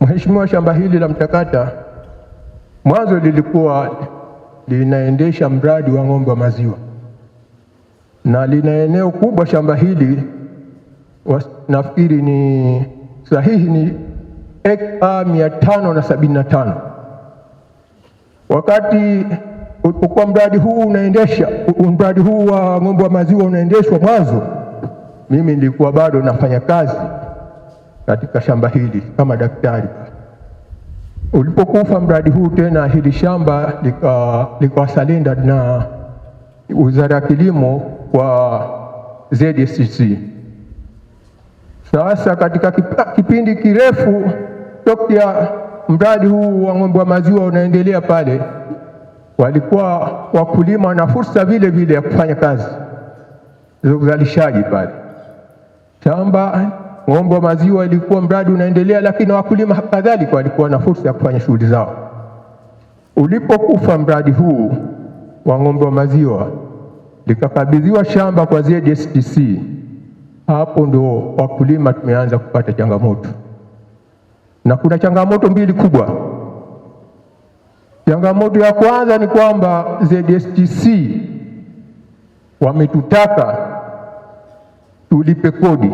Mheshimiwa, shamba hili la Mtakata mwanzo lilikuwa linaendesha mradi wa ng'ombe wa maziwa na lina eneo kubwa shamba hili was, nafikiri ni sahihi ni eka mia tano na sabini na tano. Wakati ulipokuwa mradi huu unaendesha mradi huu wa ng'ombe wa maziwa unaendeshwa mwanzo, mimi nilikuwa bado nafanya kazi katika shamba hili kama daktari. Ulipokufa mradi huu, tena hili shamba likawasalinda salinda na wizara ya kilimo kwa ZSC. Sasa katika kipindi kirefu tokea mradi huu wa ng'ombe wa maziwa unaendelea pale, walikuwa wakulima na fursa vile vile ya kufanya kazi za uzalishaji pale shamba ng'ombe wa maziwa ilikuwa mradi unaendelea, lakini wakulima kadhalika walikuwa na fursa ya kufanya shughuli zao. Ulipokufa mradi huu wa ng'ombe wa maziwa, likakabidhiwa shamba kwa ZSTC, hapo ndo wakulima tumeanza kupata changamoto, na kuna changamoto mbili kubwa. Changamoto ya kwanza ni kwamba ZSTC wametutaka tulipe kodi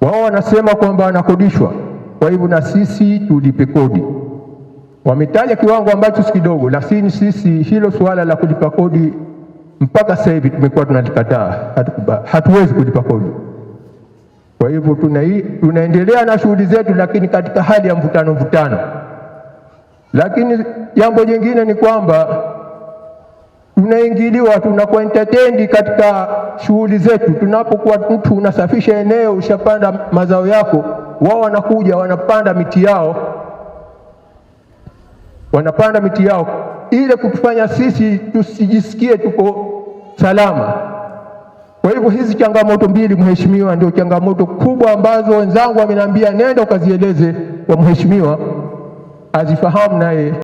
wao wanasema kwamba wanakodishwa, kwa hivyo na sisi tulipe kodi. Wametaja kiwango ambacho si kidogo, lakini sisi hilo suala la kulipa kodi mpaka sasa hivi tumekuwa tunalikataa, hatuwezi kulipa kodi. Kwa hivyo tuna, tunaendelea na shughuli zetu, lakini katika hali ya mvutano mvutano. Lakini jambo jingine ni kwamba tunaingiliwa tuna katika shughuli zetu. Tunapokuwa mtu unasafisha eneo, ushapanda mazao yako, wao wanakuja wanapanda miti yao, wanapanda miti yao ile kutufanya sisi tusijisikie tuko salama. Kwa hivyo hizi changamoto mbili, mheshimiwa, ndio changamoto kubwa ambazo wenzangu wameniambia nenda ukazieleze kwa mheshimiwa azifahamu naye.